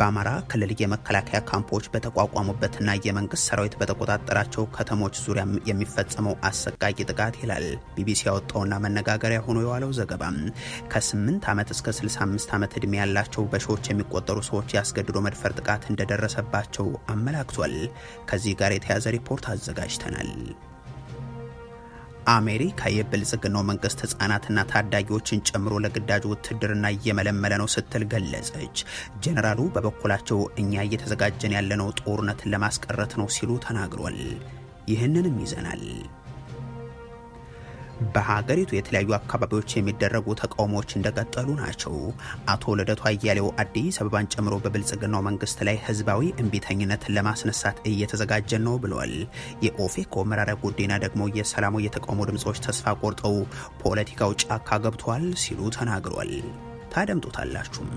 በአማራ ክልል የመከላከያ ካምፖች በተቋቋሙበትና የመንግስት ሰራዊት በተቆጣጠራቸው ከተሞች ዙሪያም የሚፈጸመው አሰቃቂ ጥቃት ይላል ቢቢሲ ያወጣውና መነጋገሪያ ሆኖ የዋለው ዘገባ። ከ8 ዓመት እስከ 65 ዓመት ዕድሜ ያላቸው በሺዎች የሚቆጠሩ ሰዎች ያስገድዶ መድፈር ጥቃት እንደደረሰባቸው አመላክቷል። ከዚህ ጋር የተያዘ ሪፖርት አዘጋጅተናል። አሜሪካ የብልጽግናው መንግስት ህጻናትና ታዳጊዎችን ጨምሮ ለግዳጅ ውትድርና እየመለመለ ነው ስትል ገለጸች። ጀኔራሉ በበኩላቸው እኛ እየተዘጋጀን ያለነው ጦርነትን ለማስቀረት ነው ሲሉ ተናግሯል። ይህንንም ይዘናል። በሀገሪቱ የተለያዩ አካባቢዎች የሚደረጉ ተቃውሞዎች እንደቀጠሉ ናቸው። አቶ ልደቱ አያሌው አዲስ አበባን ጨምሮ በብልጽግናው መንግስት ላይ ህዝባዊ እንቢተኝነትን ለማስነሳት እየተዘጋጀ ነው ብለዋል። የኦፌኮ መራሪያ ጉዲና ደግሞ የሰላሙ የተቃውሞ ድምፆች ተስፋ ቆርጠው ፖለቲካው ጫካ ገብቷል ሲሉ ተናግሯል። ታደምጡታላችሁም።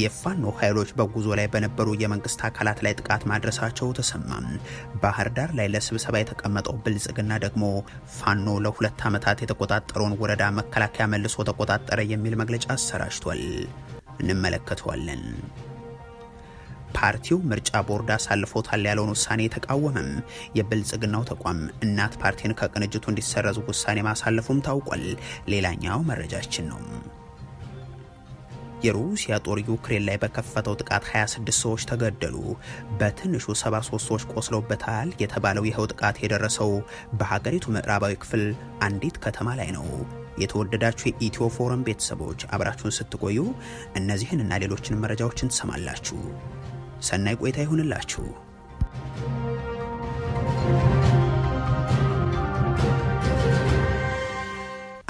የፋኖ ኃይሎች በጉዞ ላይ በነበሩ የመንግስት አካላት ላይ ጥቃት ማድረሳቸው ተሰማ። ባህር ዳር ላይ ለስብሰባ የተቀመጠው ብልጽግና ደግሞ ፋኖ ለሁለት ዓመታት የተቆጣጠረውን ወረዳ መከላከያ መልሶ ተቆጣጠረ የሚል መግለጫ አሰራጅቷል። እንመለከተዋለን። ፓርቲው ምርጫ ቦርድ አሳልፎታል ያለውን ውሳኔ የተቃወመም የብልጽግናው ተቋም እናት ፓርቲን ከቅንጅቱ እንዲሰረዙ ውሳኔ ማሳለፉም ታውቋል። ሌላኛው መረጃችን ነው። የሩሲያ ጦር ዩክሬን ላይ በከፈተው ጥቃት 26 ሰዎች ተገደሉ፣ በትንሹ 73 ሰዎች ቆስለውበታል የተባለው ይኸው ጥቃት የደረሰው በሀገሪቱ ምዕራባዊ ክፍል አንዲት ከተማ ላይ ነው። የተወደዳችሁ የኢትዮ ፎረም ቤተሰቦች አብራችሁን ስትቆዩ እነዚህን እና ሌሎችን መረጃዎችን ትሰማላችሁ። ሰናይ ቆይታ ይሁንላችሁ።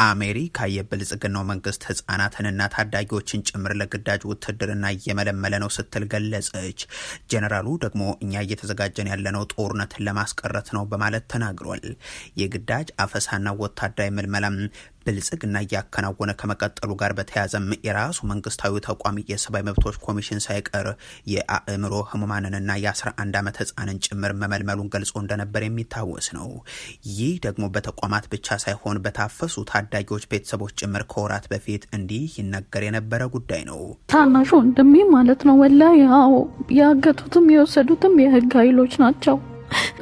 አሜሪካ የብልጽግናው መንግስት ህጻናትንና ታዳጊዎችን ጭምር ለግዳጅ ውትድርና እየመለመለ ነው ስትል ገለጸች። ጀነራሉ ደግሞ እኛ እየተዘጋጀን ያለነው ጦርነትን ለማስቀረት ነው በማለት ተናግሯል። የግዳጅ አፈሳና ወታደራዊ ምልመላም ብልጽግና እያከናወነ ከመቀጠሉ ጋር በተያያዘም የራሱ መንግስታዊ ተቋም የሰብአዊ መብቶች ኮሚሽን ሳይቀር የአእምሮ ህሙማንንና የ11 ዓመት ህፃንን ጭምር መመልመሉን ገልጾ እንደነበር የሚታወስ ነው። ይህ ደግሞ በተቋማት ብቻ ሳይሆን በታፈሱ ታዳጊዎች ቤተሰቦች ጭምር ከወራት በፊት እንዲህ ይነገር የነበረ ጉዳይ ነው። ታናሹ ወንድሜ ማለት ነው። ወላ ያው ያገቱትም የወሰዱትም የህግ ኃይሎች ናቸው።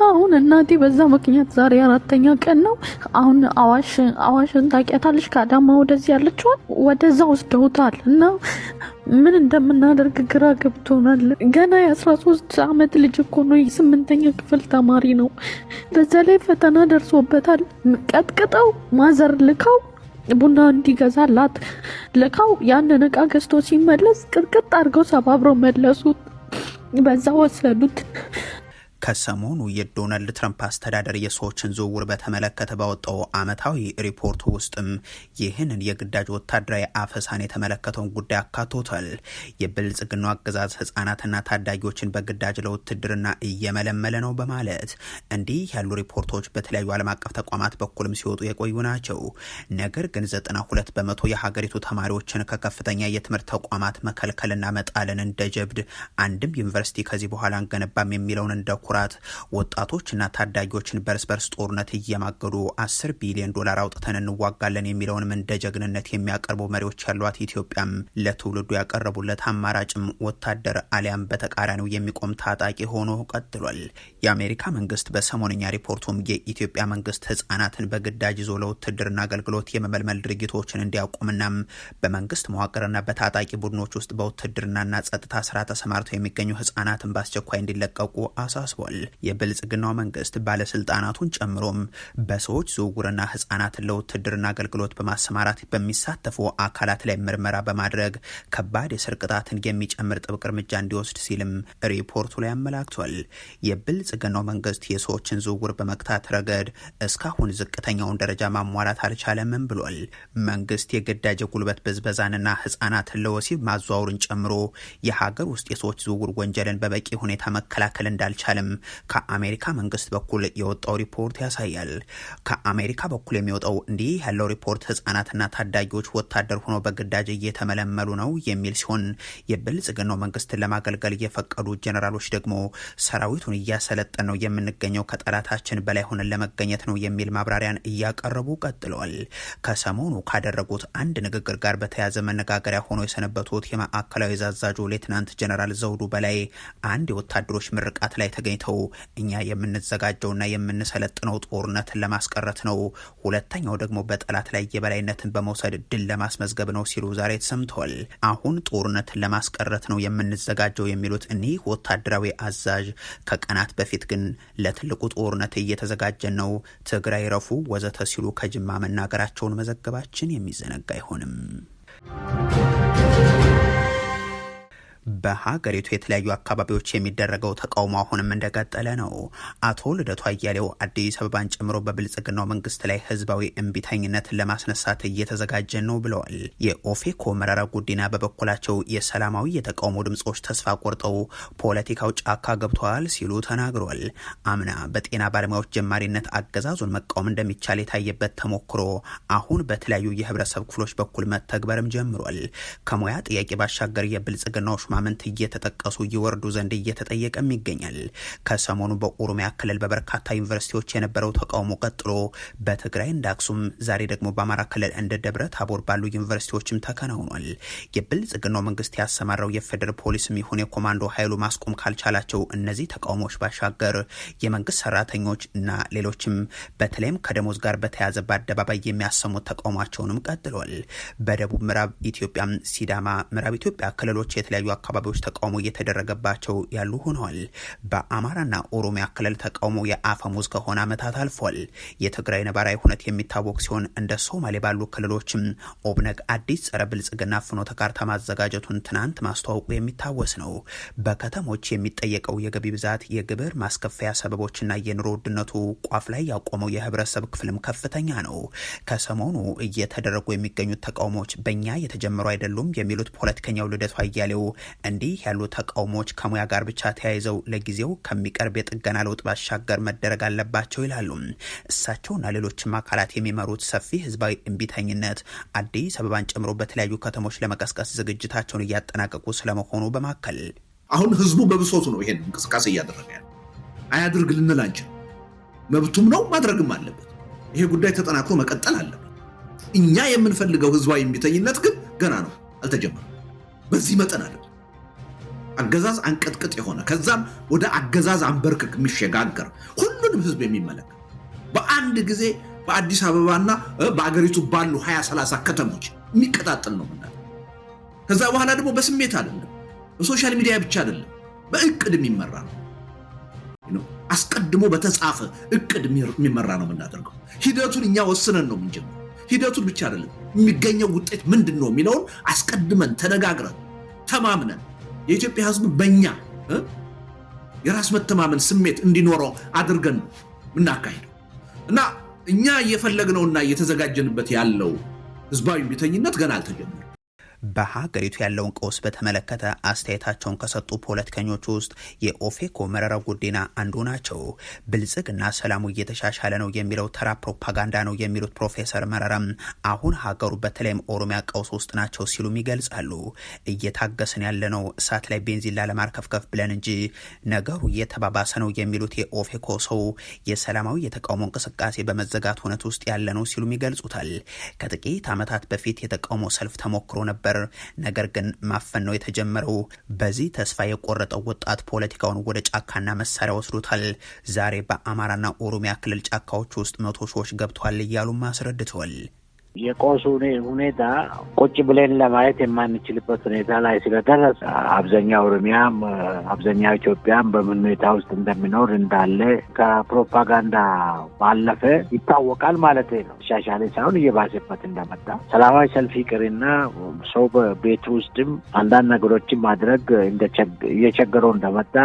አሁን እናቴ በዛ ምክንያት ዛሬ አራተኛ ቀን ነው። አሁን አዋሽ አዋሽን ታውቂያታለሽ? ከአዳማ ወደዚህ ያለችዋል ወደዛ ወስደውታል እና ምን እንደምናደርግ ግራ ገብቶናል። ገና የአስራ ሶስት አመት ልጅ እኮ ነው። የስምንተኛ ክፍል ተማሪ ነው። በዛ ላይ ፈተና ደርሶበታል። ቀጥቅጠው ማዘር ልከው ቡና እንዲገዛላት ልከው ያንን እቃ ገዝቶ ሲመለስ ቅጥቅጥ አድርገው ሰባብረው መለሱት። በዛ ወሰዱት። ከሰሞኑ የዶናልድ ትራምፕ አስተዳደር የሰዎችን ዝውውር በተመለከተ ባወጣው አመታዊ ሪፖርቱ ውስጥም ይህንን የግዳጅ ወታደራዊ አፈሳን የተመለከተውን ጉዳይ አካቶታል። የብልጽግናው አገዛዝ ህጻናትና ታዳጊዎችን በግዳጅ ለውትድርና እየመለመለ ነው በማለት እንዲህ ያሉ ሪፖርቶች በተለያዩ ዓለም አቀፍ ተቋማት በኩልም ሲወጡ የቆዩ ናቸው። ነገር ግን ዘጠና ሁለት በመቶ የሀገሪቱ ተማሪዎችን ከከፍተኛ የትምህርት ተቋማት መከልከልና መጣልን እንደ ጀብድ አንድም ዩኒቨርሲቲ ከዚህ በኋላ አንገነባም የሚለውን እንደ በኩራት ወጣቶችና ታዳጊዎችን በርስ በርስ ጦርነት እየማገዱ አስር ቢሊዮን ዶላር አውጥተን እንዋጋለን የሚለውንም እንደ ጀግንነት የሚያቀርቡ መሪዎች ያሏት ኢትዮጵያም ለትውልዱ ያቀረቡለት አማራጭም ወታደር አሊያም በተቃራኒው የሚቆም ታጣቂ ሆኖ ቀጥሏል። የአሜሪካ መንግስት በሰሞነኛ ሪፖርቱም የኢትዮጵያ መንግስት ህጻናትን በግዳጅ ይዞ ለውትድርና አገልግሎት የመመልመል ድርጊቶችን እንዲያቆምና በመንግስት መዋቅርና በታጣቂ ቡድኖች ውስጥ በውትድርናና ጸጥታ ስራ ተሰማርተው የሚገኙ ህጻናትን በአስቸኳይ እንዲለቀቁ አሳስቧል። አድርጓል። የብልጽግናው መንግስት ባለስልጣናቱን ጨምሮም በሰዎች ዝውውርና ህጻናትን ለውትድርና አገልግሎት በማሰማራት በሚሳተፉ አካላት ላይ ምርመራ በማድረግ ከባድ የስር ቅጣትን የሚጨምር ጥብቅ እርምጃ እንዲወስድ ሲልም ሪፖርቱ ላይ አመላክቷል። የብልጽግናው መንግስት የሰዎችን ዝውውር በመቅታት ረገድ እስካሁን ዝቅተኛውን ደረጃ ማሟላት አልቻለምም ብሏል። መንግስት የግዳጅ ጉልበት ብዝበዛንና ህጻናትን ለወሲብ ማዘዋወሩን ጨምሮ የሀገር ውስጥ የሰዎች ዝውውር ወንጀልን በበቂ ሁኔታ መከላከል እንዳልቻለም ከአሜሪካ መንግስት በኩል የወጣው ሪፖርት ያሳያል። ከአሜሪካ በኩል የሚወጣው እንዲህ ያለው ሪፖርት ህጻናትና ታዳጊዎች ወታደር ሆኖ በግዳጅ እየተመለመሉ ነው የሚል ሲሆን የብልጽግናው መንግስትን ለማገልገል የፈቀዱ ጀኔራሎች ደግሞ ሰራዊቱን እያሰለጠን ነው የምንገኘው ከጠላታችን በላይ ሆነን ለመገኘት ነው የሚል ማብራሪያን እያቀረቡ ቀጥለዋል። ከሰሞኑ ካደረጉት አንድ ንግግር ጋር በተያያዘ መነጋገሪያ ሆኖ የሰነበቱት የማዕከላዊ ዛዛዡ ሌትናንት ጀነራል ዘውዱ በላይ አንድ የወታደሮች ምርቃት ላይ ተገኝተው ተለያይተው እኛ የምንዘጋጀውና የምንሰለጥነው ጦርነትን ለማስቀረት ነው፣ ሁለተኛው ደግሞ በጠላት ላይ የበላይነትን በመውሰድ ድል ለማስመዝገብ ነው ሲሉ ዛሬ ተሰምተዋል። አሁን ጦርነትን ለማስቀረት ነው የምንዘጋጀው የሚሉት እኒህ ወታደራዊ አዛዥ ከቀናት በፊት ግን ለትልቁ ጦርነት እየተዘጋጀን ነው፣ ትግራይ ረፉ ወዘተ ሲሉ ከጅማ መናገራቸውን መዘገባችን የሚዘነጋ አይሆንም። በሀገሪቱ የተለያዩ አካባቢዎች የሚደረገው ተቃውሞ አሁንም እንደቀጠለ ነው። አቶ ልደቱ አያሌው አዲስ አበባን ጨምሮ በብልጽግናው መንግስት ላይ ህዝባዊ እምቢተኝነትን ለማስነሳት እየተዘጋጀ ነው ብለዋል። የኦፌኮ መረራ ጉዲና በበኩላቸው የሰላማዊ የተቃውሞ ድምፆች ተስፋ ቆርጠው ፖለቲካው ጫካ ገብተዋል ሲሉ ተናግሯል። አምና በጤና ባለሙያዎች ጀማሪነት አገዛዙን መቃወም እንደሚቻል የታየበት ተሞክሮ አሁን በተለያዩ የህብረተሰብ ክፍሎች በኩል መተግበርም ጀምሯል። ከሙያ ጥያቄ ባሻገር የብልጽግናዎች አስማምንት እየተጠቀሱ እየወርዱ ዘንድ እየተጠየቀም ይገኛል። ከሰሞኑ በኦሮሚያ ክልል በበርካታ ዩኒቨርሲቲዎች የነበረው ተቃውሞ ቀጥሎ በትግራይ እንደ አክሱም፣ ዛሬ ደግሞ በአማራ ክልል እንደ ደብረ ታቦር ባሉ ዩኒቨርሲቲዎችም ተከናውኗል። የብልጽግናው መንግስት ያሰማራው የፌደራል ፖሊስም ይሁን የኮማንዶ ኃይሉ ማስቆም ካልቻላቸው እነዚህ ተቃውሞዎች ባሻገር የመንግስት ሰራተኞች እና ሌሎችም በተለይም ከደሞዝ ጋር በተያያዘ በአደባባይ የሚያሰሙት ተቃውሟቸውንም ቀጥሏል። በደቡብ ምዕራብ ኢትዮጵያም ሲዳማ፣ ምዕራብ ኢትዮጵያ ክልሎች የተለያዩ አካባቢዎች ተቃውሞ እየተደረገባቸው ያሉ ሆነዋል። በአማራና ኦሮሚያ ክልል ተቃውሞ የአፈሙዝ ከሆነ ዓመታት አልፏል። የትግራይ ነባራዊ ሁነት የሚታወቅ ሲሆን እንደ ሶማሌ ባሉ ክልሎችም ኦብነግ አዲስ ጸረ ብልጽግና ፍኖተ ካርታ ማዘጋጀቱን ትናንት ማስተዋወቁ የሚታወስ ነው። በከተሞች የሚጠየቀው የገቢ ብዛት፣ የግብር ማስከፈያ ሰበቦችና የኑሮ ውድነቱ ቋፍ ላይ ያቆመው የህብረተሰብ ክፍልም ከፍተኛ ነው። ከሰሞኑ እየተደረጉ የሚገኙት ተቃውሞዎች በእኛ የተጀመሩ አይደሉም የሚሉት ፖለቲከኛው ልደቱ አያሌው እንዲህ ያሉ ተቃውሞዎች ከሙያ ጋር ብቻ ተያይዘው ለጊዜው ከሚቀርብ የጥገና ለውጥ ባሻገር መደረግ አለባቸው ይላሉ እሳቸውና ሌሎችም አካላት የሚመሩት ሰፊ ህዝባዊ እምቢተኝነት አዲስ አበባን ጨምሮ በተለያዩ ከተሞች ለመቀስቀስ ዝግጅታቸውን እያጠናቀቁ ስለመሆኑ በማከል አሁን ህዝቡ በብሶቱ ነው ይሄን እንቅስቃሴ እያደረገ ያለ። አያድርግ ልንል አንችል፣ መብቱም ነው ማድረግም አለበት። ይሄ ጉዳይ ተጠናክሮ መቀጠል አለበት። እኛ የምንፈልገው ህዝባዊ እምቢተኝነት ግን ገና ነው፣ አልተጀመረም። በዚህ መጠን አለበት። አገዛዝ አንቀጥቅጥ የሆነ ከዛም ወደ አገዛዝ አንበርክክ የሚሸጋገር ሁሉንም ህዝብ የሚመለከት በአንድ ጊዜ በአዲስ አበባና በአገሪቱ ባሉ 230 ሰላሳ ከተሞች የሚቀጣጠል ነው ምና ከዛ በኋላ ደግሞ በስሜት አይደለም፣ በሶሻል ሚዲያ ብቻ አይደለም፣ በእቅድ የሚመራ ነው። አስቀድሞ በተጻፈ እቅድ የሚመራ ነው የምናደርገው። ሂደቱን እኛ ወስነን ነው የምንጀምረው። ሂደቱን ብቻ አይደለም የሚገኘው ውጤት ምንድን ነው የሚለውን አስቀድመን ተነጋግረን ተማምነን የኢትዮጵያ ህዝብ በኛ የራስ መተማመን ስሜት እንዲኖረው አድርገን ነው የምናካሄደው እና እኛ እየፈለግነውና እየተዘጋጀንበት ያለው ህዝባዊ ቤተኝነት ገና አልተጀመረም። በሀገሪቱ ያለውን ቀውስ በተመለከተ አስተያየታቸውን ከሰጡ ፖለቲከኞች ውስጥ የኦፌኮ መረራ ጉዲና አንዱ ናቸው። ብልጽግና ሰላሙ እየተሻሻለ ነው የሚለው ተራ ፕሮፓጋንዳ ነው የሚሉት ፕሮፌሰር መረራም አሁን ሀገሩ በተለይም ኦሮሚያ ቀውስ ውስጥ ናቸው ሲሉም ይገልጻሉ። እየታገስን ያለነው እሳት ላይ ቤንዚን ላለማርከፍከፍ ብለን እንጂ ነገሩ እየተባባሰ ነው የሚሉት የኦፌኮ ሰው የሰላማዊ የተቃውሞ እንቅስቃሴ በመዘጋት ሁነት ውስጥ ያለ ነው ሲሉም ይገልጹታል። ከጥቂት ዓመታት በፊት የተቃውሞ ሰልፍ ተሞክሮ ነበር ነበር። ነገር ግን ማፈን ነው የተጀመረው። በዚህ ተስፋ የቆረጠው ወጣት ፖለቲካውን ወደ ጫካና መሳሪያ ወስዶታል። ዛሬ በአማራና ኦሮሚያ ክልል ጫካዎች ውስጥ መቶ ሰዎች ገብተዋል እያሉም አስረድተዋል። የቆሱ ሁኔታ ቁጭ ብለን ለማየት የማንችልበት ሁኔታ ላይ ስለደረሰ አብዛኛ ኦሮሚያም አብዛኛ ኢትዮጵያም በምን ሁኔታ ውስጥ እንደሚኖር እንዳለ ከፕሮፓጋንዳ ባለፈ ይታወቃል ማለት ነው። ሻሻሌ ሳይሆን እየባሰበት እንደመጣ ሰላማዊ ሰልፍ ይቅርና ሰው በቤት ውስጥም አንዳንድ ነገሮችን ማድረግ እየቸገረው እንደመጣ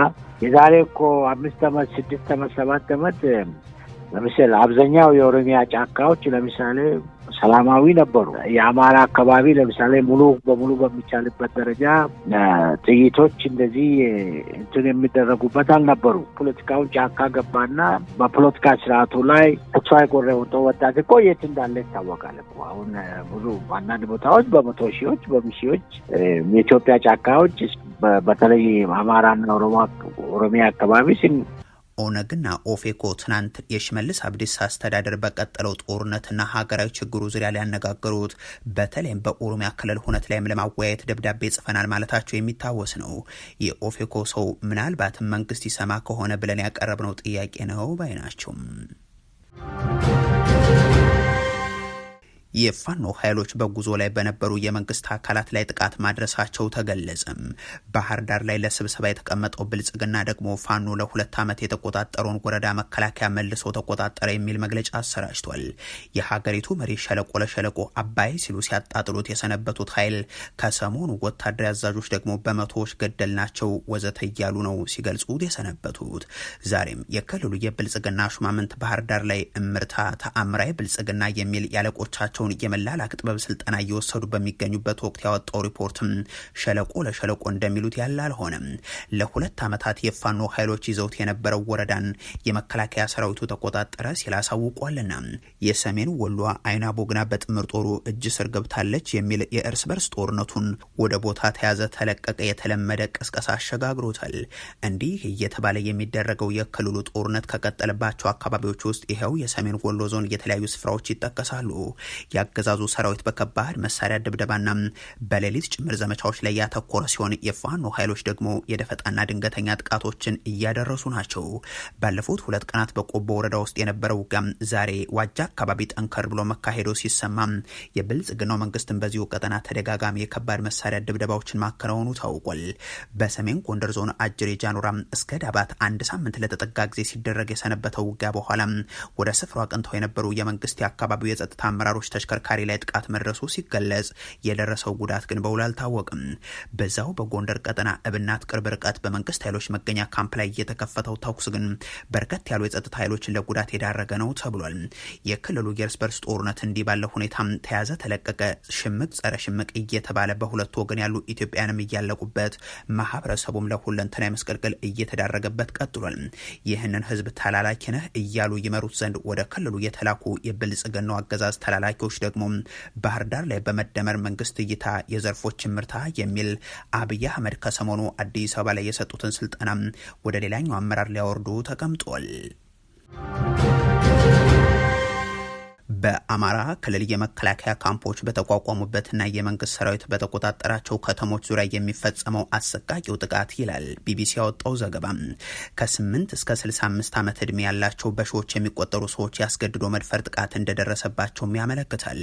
የዛሬ እኮ አምስት ዓመት ስድስት ዓመት ሰባት ዓመት ለምሳሌ አብዛኛው የኦሮሚያ ጫካዎች ለምሳሌ ሰላማዊ ነበሩ። የአማራ አካባቢ ለምሳሌ ሙሉ በሙሉ በሚቻልበት ደረጃ ጥይቶች እንደዚህ እንትን የሚደረጉበት አልነበሩ። ፖለቲካውን ጫካ ገባና በፖለቲካ ስርዓቱ ላይ ተስፋ የቆረጠ ወጣት እኮ የት እንዳለ ይታወቃል። አሁን ብዙ አንዳንድ ቦታዎች በመቶ ሺዎች በሚሺዎች የኢትዮጵያ ጫካዎች በተለይ አማራና ኦሮሚያ አካባቢ ኦነግና ኦፌኮ ትናንት የሽመልስ አብዲስ አስተዳደር በቀጠለው ጦርነትና ሀገራዊ ችግሩ ዙሪያ ሊያነጋገሩት በተለይም በኦሮሚያ ክልል ሁነት ላይም ለማወያየት ደብዳቤ ጽፈናል ማለታቸው የሚታወስ ነው። የኦፌኮ ሰው ምናልባትም መንግስት ይሰማ ከሆነ ብለን ያቀረብነው ጥያቄ ነው ባይ ናቸው። የፋኖ ኃይሎች በጉዞ ላይ በነበሩ የመንግስት አካላት ላይ ጥቃት ማድረሳቸው ተገለጸም። ባህር ዳር ላይ ለስብሰባ የተቀመጠው ብልጽግና ደግሞ ፋኖ ለሁለት ዓመት የተቆጣጠረውን ወረዳ መከላከያ መልሶ ተቆጣጠረ የሚል መግለጫ አሰራጭቷል። የሀገሪቱ መሪ ሸለቆ ለሸለቆ አባይ ሲሉ ሲያጣጥሉት የሰነበቱት ኃይል ከሰሞኑ ወታደራዊ አዛዦች ደግሞ በመቶዎች ገደል ናቸው ወዘተ እያሉ ነው ሲገልጹት የሰነበቱት። ዛሬም የክልሉ የብልጽግና ሹማምንት ባህር ዳር ላይ እምርታ ተአምራዊ ብልጽግና የሚል ያለቆቻቸው ያለውን የመላላክ ጥበብ ስልጠና እየወሰዱ በሚገኙበት ወቅት ያወጣው ሪፖርትም ሸለቆ ለሸለቆ እንደሚሉት ያለ አልሆነም። ለሁለት ዓመታት የፋኖ ኃይሎች ይዘውት የነበረው ወረዳን የመከላከያ ሰራዊቱ ተቆጣጠረ ሲል አሳውቋልና የሰሜን ወሎ አይና ቦግና በጥምር ጦሩ እጅ ስር ገብታለች የሚል የእርስ በርስ ጦርነቱን ወደ ቦታ ተያዘ ተለቀቀ የተለመደ ቅስቀሳ አሸጋግሮታል። እንዲህ እየተባለ የሚደረገው የክልሉ ጦርነት ከቀጠለባቸው አካባቢዎች ውስጥ ይኸው የሰሜን ወሎ ዞን የተለያዩ ስፍራዎች ይጠቀሳሉ። የአገዛዙ ሰራዊት በከባድ መሳሪያ ድብደባና በሌሊት ጭምር ዘመቻዎች ላይ ያተኮረ ሲሆን የፋኖ ኃይሎች ደግሞ የደፈጣና ድንገተኛ ጥቃቶችን እያደረሱ ናቸው። ባለፉት ሁለት ቀናት በቆቦ ወረዳ ውስጥ የነበረው ውጊያም ዛሬ ዋጃ አካባቢ ጠንከር ብሎ መካሄዱ ሲሰማ የብልጽግናው መንግስትን በዚሁ ቀጠና ተደጋጋሚ የከባድ መሳሪያ ድብደባዎችን ማከናወኑ ታውቋል። በሰሜን ጎንደር ዞን አጅሬ ጃኑራ እስከ ዳባት አንድ ሳምንት ለተጠጋ ጊዜ ሲደረግ የሰነበተው ውጊያ በኋላ ወደ ስፍራው አቅንተው የነበሩ የመንግስት የአካባቢው የጸጥታ አመራሮች ተሽከርካሪ ላይ ጥቃት መድረሱ ሲገለጽ የደረሰው ጉዳት ግን በውል አልታወቅም። በዛው በጎንደር ቀጠና እብናት ቅርብ ርቀት በመንግስት ኃይሎች መገኛ ካምፕ ላይ እየተከፈተው ተኩስ ግን በርከት ያሉ የጸጥታ ኃይሎችን ለጉዳት የዳረገ ነው ተብሏል። የክልሉ የእርስ በርስ ጦርነት እንዲህ ባለ ሁኔታም ተያዘ፣ ተለቀቀ፣ ሽምቅ ጸረ ሽምቅ እየተባለ በሁለቱ ወገን ያሉ ኢትዮጵያንም እያለቁበት ማህበረሰቡም ለሁለንተና የመስቀልቅል እየተዳረገበት ቀጥሏል። ይህንን ህዝብ ተላላኪ ነህ እያሉ ይመሩት ዘንድ ወደ ክልሉ የተላኩ የብልጽግናው አገዛዝ ተላላኪ ሪፖርቶች ደግሞ ባህር ዳር ላይ በመደመር መንግስት እይታ የዘርፎችን ምርታ የሚል አብይ አህመድ ከሰሞኑ አዲስ አበባ ላይ የሰጡትን ስልጠና ወደ ሌላኛው አመራር ሊያወርዱ ተቀምጧል። በአማራ ክልል የመከላከያ ካምፖች በተቋቋሙበትና የመንግስት ሰራዊት በተቆጣጠራቸው ከተሞች ዙሪያ የሚፈጸመው አሰቃቂው ጥቃት ይላል ቢቢሲ ያወጣው ዘገባ። ከ8 እስከ 65 ዓመት ዕድሜ ያላቸው በሺዎች የሚቆጠሩ ሰዎች ያስገድዶ መድፈር ጥቃት እንደደረሰባቸውም ያመለክታል።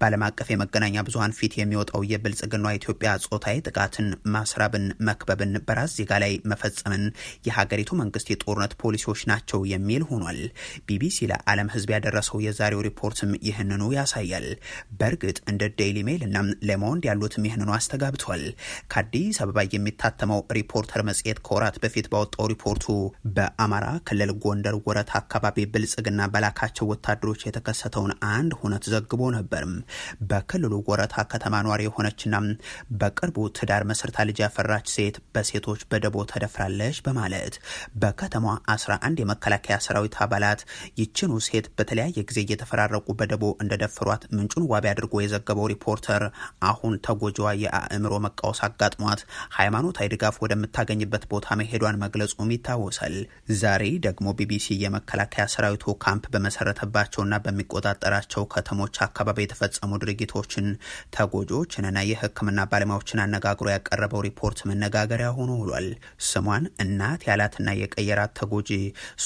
በዓለም አቀፍ የመገናኛ ብዙሀን ፊት የሚወጣው የብልጽግና ኢትዮጵያ ጾታዊ ጥቃትን፣ ማስራብን፣ መክበብን፣ በራስ ዜጋ ላይ መፈጸምን የሀገሪቱ መንግስት የጦርነት ፖሊሲዎች ናቸው የሚል ሆኗል። ቢቢሲ ለዓለም ህዝብ ያደረሰው የዛሬው ሪፖርት ሪፖርትም ይህንኑ ያሳያል። በእርግጥ እንደ ዴይሊ ሜል እና ለመወንድ ያሉትም ይህንኑ አስተጋብቷል። ከአዲስ አበባ የሚታተመው ሪፖርተር መጽሔት ከወራት በፊት ባወጣው ሪፖርቱ በአማራ ክልል ጎንደር ወረት አካባቢ ብልጽግና በላካቸው ወታደሮች የተከሰተውን አንድ ሁነት ዘግቦ ነበር። በክልሉ ወረታ ከተማ ኗሪ የሆነችና በቅርቡ ትዳር መስርታ ልጅ ያፈራች ሴት በሴቶች በደቦ ተደፍራለች በማለት በከተማ 11 የመከላከያ ሰራዊት አባላት ይችኑ ሴት በተለያየ ጊዜ እየተፈራረ እያስታረቁ በደቦ እንደደፈሯት ምንጩን ዋቢ አድርጎ የዘገበው ሪፖርተር አሁን ተጎጂዋ የአእምሮ መቃወስ አጋጥሟት ሃይማኖታዊ ድጋፍ ወደምታገኝበት ቦታ መሄዷን መግለጹም ይታወሳል። ዛሬ ደግሞ ቢቢሲ የመከላከያ ሰራዊቱ ካምፕ በመሰረተባቸውና በሚቆጣጠራቸው ከተሞች አካባቢ የተፈጸሙ ድርጊቶችን፣ ተጎጂዎችንና የሕክምና ባለሙያዎችን አነጋግሮ ያቀረበው ሪፖርት መነጋገሪያ ሆኖ ውሏል። ስሟን እናት ያላትና የቀየራት ተጎጂ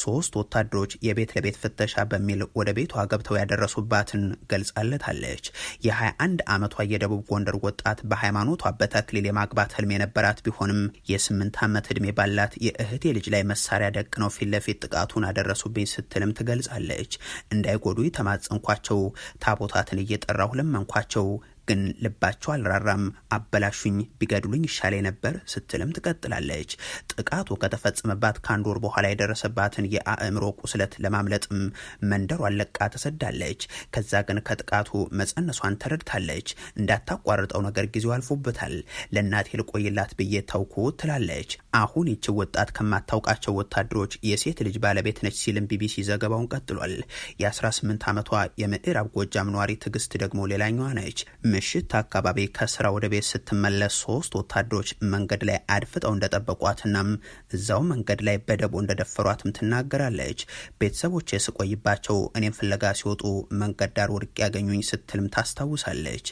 ሶስት ወታደሮች የቤት ለቤት ፍተሻ በሚል ወደ ቤቷ ገብተው ያደ እንደደረሱባትን ገልጻለታለች። የ21 ዓመቷ የደቡብ ጎንደር ወጣት በሃይማኖቷ በተክሊል የማግባት ህልም የነበራት ቢሆንም የ8 ዓመት ዕድሜ ባላት የእህቴ ልጅ ላይ መሳሪያ ደቅነው ፊት ለፊት ጥቃቱን አደረሱብኝ ስትልም ትገልጻለች። እንዳይጎዱ ተማጸንኳቸው፣ ታቦታትን እየጠራሁ ለመንኳቸው ግን ልባቸው አልራራም። አበላሹኝ፣ ቢገድሉኝ ይሻሌ ነበር ስትልም ትቀጥላለች። ጥቃቱ ከተፈጸመባት ከአንድ ወር በኋላ የደረሰባትን የአእምሮ ቁስለት ለማምለጥም መንደሯን ለቃ ተሰዳለች። ከዛ ግን ከጥቃቱ መጸነሷን ተረድታለች። እንዳታቋርጠው ነገር ጊዜው አልፎበታል። ለእናቴ ልቆይላት ብዬ ተውኩ ትላለች። አሁን ይቺ ወጣት ከማታውቃቸው ወታደሮች የሴት ልጅ ባለቤት ነች ሲልም ቢቢሲ ዘገባውን ቀጥሏል። የ18 ዓመቷ የምዕራብ ጎጃም ነዋሪ ትዕግስት ደግሞ ሌላኛዋ ነች። ምሽት አካባቢ ከስራ ወደ ቤት ስትመለስ ሶስት ወታደሮች መንገድ ላይ አድፍጠው እንደጠበቋትናም እዛው መንገድ ላይ በደቦ እንደደፈሯትም ትናገራለች። ቤተሰቦች የስቆይባቸው እኔም ፍለጋ ሲወጡ መንገድ ዳር ወድቅ ያገኙኝ ስትልም ታስታውሳለች።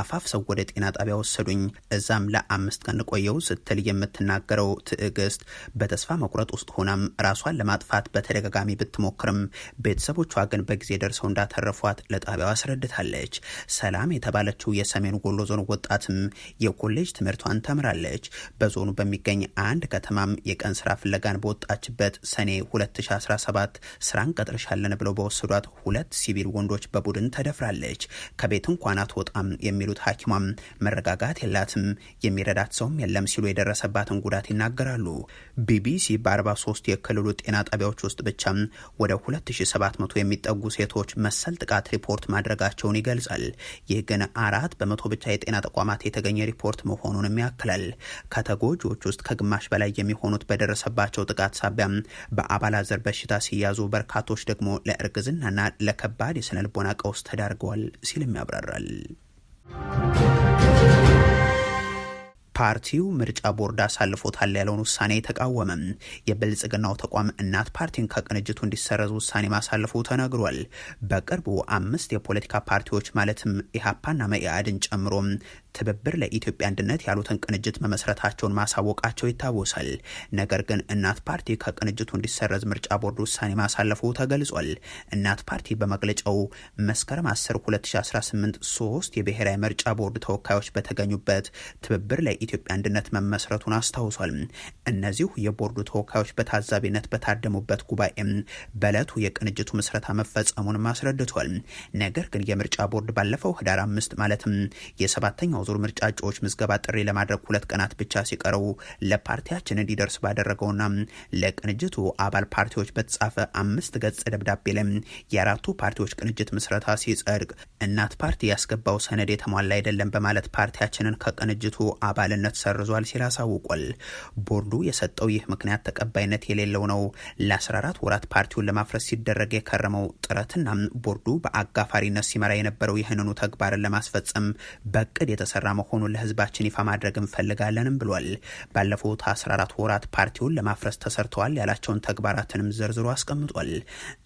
አፋፍ ሰው ወደ ጤና ጣቢያ ወሰዱኝ፣ እዛም ለአምስት ቀን ቆየው ስትል የምትናገረው ትዕግስት በተስፋ መቁረጥ ውስጥ ሆናም ራሷን ለማጥፋት በተደጋጋሚ ብትሞክርም ቤተሰቦቿ ግን በጊዜ ደርሰው እንዳተረፏት ለጣቢያው አስረድታለች። ሰላም የተባለችው የሰሜን ወሎ ዞን ወጣትም የኮሌጅ ትምህርቷን ተምራለች። በዞኑ በሚገኝ አንድ ከተማም የቀን ስራ ፍለጋን በወጣችበት ሰኔ 2017 ስራን ቀጥርሻለን ብለው በወሰዷት ሁለት ሲቪል ወንዶች በቡድን ተደፍራለች። ከቤት እንኳን አትወጣም የሚሉት ሐኪሟም መረጋጋት የላትም የሚረዳት ሰውም የለም ሲሉ የደረሰባትን ጉዳት ይናገራሉ። ቢቢሲ በ43 የክልሉ ጤና ጣቢያዎች ውስጥ ብቻ ወደ 2700 የሚጠጉ ሴቶች መሰል ጥቃት ሪፖርት ማድረጋቸውን ይገልጻል። ይህ ግን አራ አራት በመቶ ብቻ የጤና ተቋማት የተገኘ ሪፖርት መሆኑንም ያክላል። ከተጎጂዎች ውስጥ ከግማሽ በላይ የሚሆኑት በደረሰባቸው ጥቃት ሳቢያም በአባላዘር በሽታ ሲያዙ፣ በርካቶች ደግሞ ለእርግዝናና ለከባድ የስነልቦና ቀውስ ተዳርገዋል ሲልም ያብራራል። ፓርቲው ምርጫ ቦርድ አሳልፎታል ያለውን ውሳኔ ተቃወመ። የብልጽግናው ተቋም እናት ፓርቲን ከቅንጅቱ እንዲሰረዝ ውሳኔ ማሳለፉ ተነግሯል። በቅርቡ አምስት የፖለቲካ ፓርቲዎች ማለትም ኢህአፓና መኢአድን ጨምሮ ትብብር ለኢትዮጵያ አንድነት ያሉትን ቅንጅት መመስረታቸውን ማሳወቃቸው ይታወሳል። ነገር ግን እናት ፓርቲ ከቅንጅቱ እንዲሰረዝ ምርጫ ቦርድ ውሳኔ ማሳለፉ ተገልጿል። እናት ፓርቲ በመግለጫው መስከረም 10 2018 ሶስት የብሔራዊ ምርጫ ቦርድ ተወካዮች በተገኙበት ትብብር ለኢትዮጵያ አንድነት መመስረቱን አስታውሷል። እነዚሁ የቦርዱ ተወካዮች በታዛቢነት በታደሙበት ጉባኤም በለቱ የቅንጅቱ ምስረታ መፈጸሙንም አስረድቷል። ነገር ግን የምርጫ ቦርድ ባለፈው ህዳር አምስት ማለትም የሰባተኛው ዙር ምርጫ እጩዎች ምዝገባ ጥሪ ለማድረግ ሁለት ቀናት ብቻ ሲቀረው ለፓርቲያችን እንዲደርስ ባደረገውና ለቅንጅቱ አባል ፓርቲዎች በተጻፈ አምስት ገጽ ደብዳቤ ላይ የአራቱ ፓርቲዎች ቅንጅት ምስረታ ሲጸድቅ እናት ፓርቲ ያስገባው ሰነድ የተሟላ አይደለም በማለት ፓርቲያችንን ከቅንጅቱ አባልነት ሰርዟል ሲል አሳውቋል። ቦርዱ የሰጠው ይህ ምክንያት ተቀባይነት የሌለው ነው። ለ14 ወራት ፓርቲውን ለማፍረስ ሲደረግ የከረመው ጥረትና ቦርዱ በአጋፋሪነት ሲመራ የነበረው ይህንኑ ተግባርን ለማስፈጸም በቅድ እየተሰራ መሆኑን ለህዝባችን ይፋ ማድረግ እንፈልጋለንም ብሏል። ባለፉት 14 ወራት ፓርቲውን ለማፍረስ ተሰርተዋል ያላቸውን ተግባራትንም ዘርዝሮ አስቀምጧል።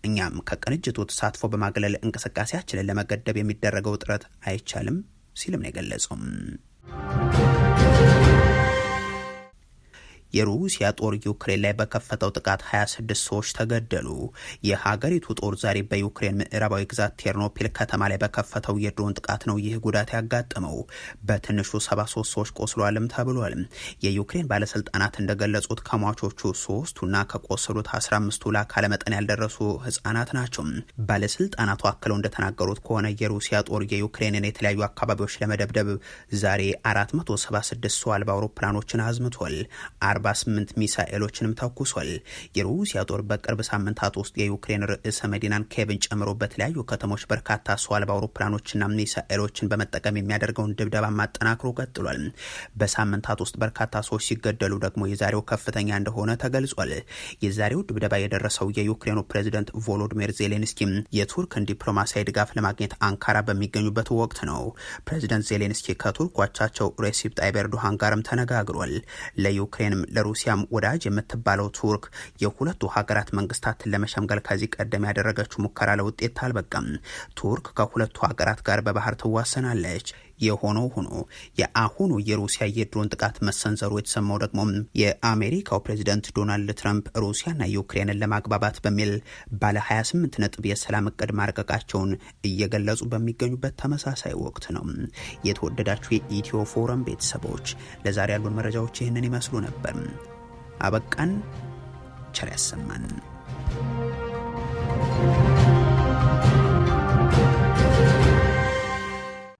እኛም ከቅንጅቱ ተሳትፎ በማግለል እንቅስቃሴያችንን ለመገደብ የሚደረገው ጥረት አይቻልም ሲልም ነው የገለጸው። የሩሲያ ጦር ዩክሬን ላይ በከፈተው ጥቃት 26 ሰዎች ተገደሉ። የሀገሪቱ ጦር ዛሬ በዩክሬን ምዕራባዊ ግዛት ቴርኖፒል ከተማ ላይ በከፈተው የድሮን ጥቃት ነው ይህ ጉዳት ያጋጠመው። በትንሹ 73 ሰዎች ቆስሏልም ተብሏል። የዩክሬን ባለስልጣናት እንደገለጹት ከሟቾቹ ሶስቱና ከቆሰሉት 15ቱ ለአካለ መጠን ያልደረሱ ህጻናት ናቸው። ባለስልጣናቱ አክለው እንደተናገሩት ከሆነ የሩሲያ ጦር የዩክሬንን የተለያዩ አካባቢዎች ለመደብደብ ዛሬ 476 ሰው አልባ አውሮፕላኖችን አዝምቷል። 48 ሚሳኤሎችንም ተኩሷል። የሩሲያ ጦር በቅርብ ሳምንታት ውስጥ የዩክሬን ርዕሰ መዲናን ኬቭን ጨምሮ በተለያዩ ከተሞች በርካታ ሰው አልባ አውሮፕላኖችና ሚሳኤሎችን በመጠቀም የሚያደርገውን ድብደባ ማጠናክሮ ቀጥሏል። በሳምንታት ውስጥ በርካታ ሰዎች ሲገደሉ ደግሞ የዛሬው ከፍተኛ እንደሆነ ተገልጿል። የዛሬው ድብደባ የደረሰው የዩክሬኑ ፕሬዚደንት ቮሎዲሚር ዜሌንስኪ የቱርክን ዲፕሎማሲያዊ ድጋፍ ለማግኘት አንካራ በሚገኙበት ወቅት ነው። ፕሬዚደንት ዜሌንስኪ ከቱርኳቻቸው ሬሲፕ ጣይብ ኤርዶሃን ጋርም ተነጋግሯል። ለዩክሬንም ለሩሲያም ወዳጅ የምትባለው ቱርክ የሁለቱ ሀገራት መንግስታትን ለመሸምገል ከዚህ ቀደም ያደረገችው ሙከራ ለውጤት አልበቃም። ቱርክ ከሁለቱ ሀገራት ጋር በባህር ትዋሰናለች። የሆነው ሆኖ የአሁኑ የሩሲያ የድሮን ጥቃት መሰንዘሩ የተሰማው ደግሞ የአሜሪካው ፕሬዚደንት ዶናልድ ትራምፕ ሩሲያና ዩክሬንን ለማግባባት በሚል ባለ 28 ነጥብ የሰላም እቅድ ማርቀቃቸውን እየገለጹ በሚገኙበት ተመሳሳይ ወቅት ነው። የተወደዳችሁ የኢትዮ ፎረም ቤተሰቦች ለዛሬ ያሉን መረጃዎች ይህንን ይመስሉ ነበር። አበቃን። ቸር ያሰማን።